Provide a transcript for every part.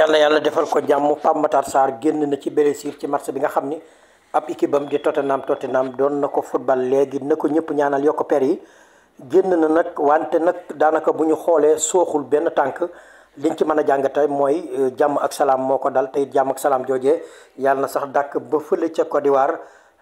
yàlla yàlla defal ko jàmm Pape Matar génn na ci blessure ci match bi nga xam ni ab équipe am di Tottenham Tottenham doon na ko football léegi na ko ñëpp ñaanal yokk per yi génn na nag wante nag daanaka bu ñu xoolee sooxul benn tànk liñ ci mën a jàngatee mooy eh, jàmm ak salaam moo ko dal tey jàmm ak salaam joojee yàlla na sax dàkk ba fële ca Côte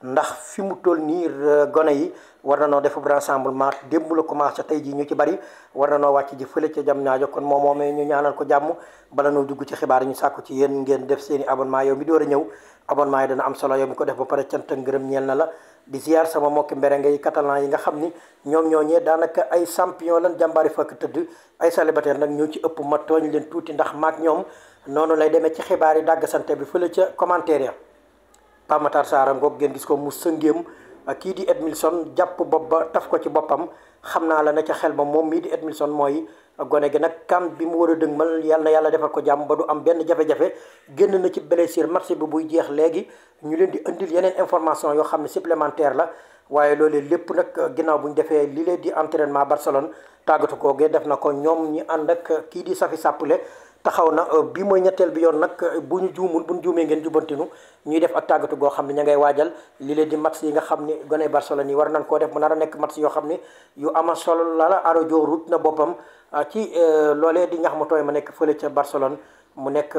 ndax fi mu toll nii euh, gone yi war na noo def rassemblement démb la commencé tey jii ñu ci bari war na noo wàcc ji fële ca jam ñaajo kon moom moomee ñu ñaanal ko jàmm bala noo dugg ci xibaar ñu sàkku ci yéen ngeen def seen i abonnement yow mi door a ñëw abonnement yi dana am solo yow mi ko def ba pare cant ngërëm ñeel na la di ziar sama mbokki mberengue yi catalan yi nga xam ni ñoom ñooñee daanaka ay champion la jàmbaari fakk tëdd ay célibataire nag ñoo ci ëpp ma tooñ leen tuuti ndax maak ñoom noonu lay demee ci xibaar yi dàgg sante bi fële ca commentaire ya Pape Matar Sarr ngoog ngeen gis ko mu sëngéem kii di Edmilson jàpp bopp ba taf ko ci boppam xam naa la na ca xel ma moom mii di Edmilson mooy gone gi nag kan bi mu war a dëgmal yal na yàlla defal ko jàmm ba du am benn jafe-jafe génn na ci blessure match bi buy jeex léegi ñu leen di indil yeneen information yoo xam ne supplémentaire la waaye loolee lépp nag ginnaaw bu ñu defee li leen di entraînement Barcelone tàggatu koogee def na ko ñoom ñi ànd ak kii di Safi Sappale taxaw na euh, bi mooy ñetteel bi yoon nag euh, bu ñu juumul bu ñu juumee ngeen jubbantinu ñuy def ak tàggatu goo xam ne ña ngay waajal li leen di match yi nga xam ni gone Barcelone yi war nañ koo def mu nar a nekk match yoo xam ni yu ama solo la la Arajo ruut na boppam ah, ci euh, loolee di ñax mu tooy ma nekk fële ca Barcelone mu nekk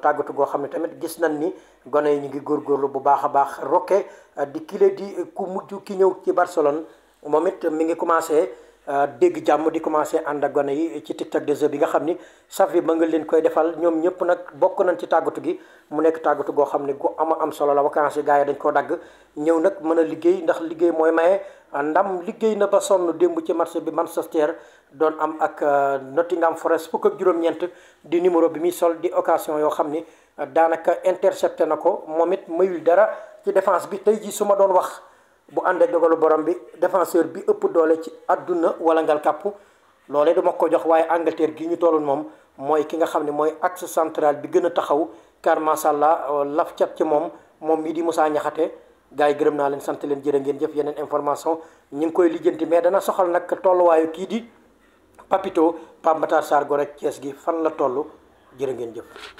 tàggatu goo xam ne tamit gis nañ ni gone yi ñu ngi góorgóorlu bu baax a baax Roque ah, di kile di ku mujj ki ñëw ci Barcelone moom it mi ngi commencé Euh, dégg jàmm di commencé ànd ak gone yi ci tiktok des heures bi nga xam ni saf bi nga leen koy defal ñoom ñëpp nag bokk nañ ci tàggatu gi mu nekk tàggatu goo xam ne gu ama am solo la vacances yi gars yi dañ koo dagg ñëw nag mën a liggéey ndax liggéey mooy maye ndam liggéey na ba sonn démb ci marché bi Manchester doon am ak euh, Nottingham Forest fukk ak juróom-ñeent di numéro bi muy sol di occasion yoo xam ni euh, daanaka intercepté na ko moom it mayul dara ci défense bi tey jii su ma doon wax bu ànd ak dogalu borom bi défenseur bi ëpp doole ci àdduna wala ngal kàpp loolee dama ko jox waaye Angleterre gi ñu tolloon moom mooy ki nga xam ne mooy axe central bi gën a taxaw car macha allah euh, laf cat ci moom moom mii di Moussa Niakhaté gars yi gërëm naa leen sant leen jërë ngeen jëf yeneen information ñu ngi koy lijjanti mais dana soxal nag tolluwaayu kii di Papito Pape Matar Sarr Gorek gi fan la toll jërë ngeen jëf.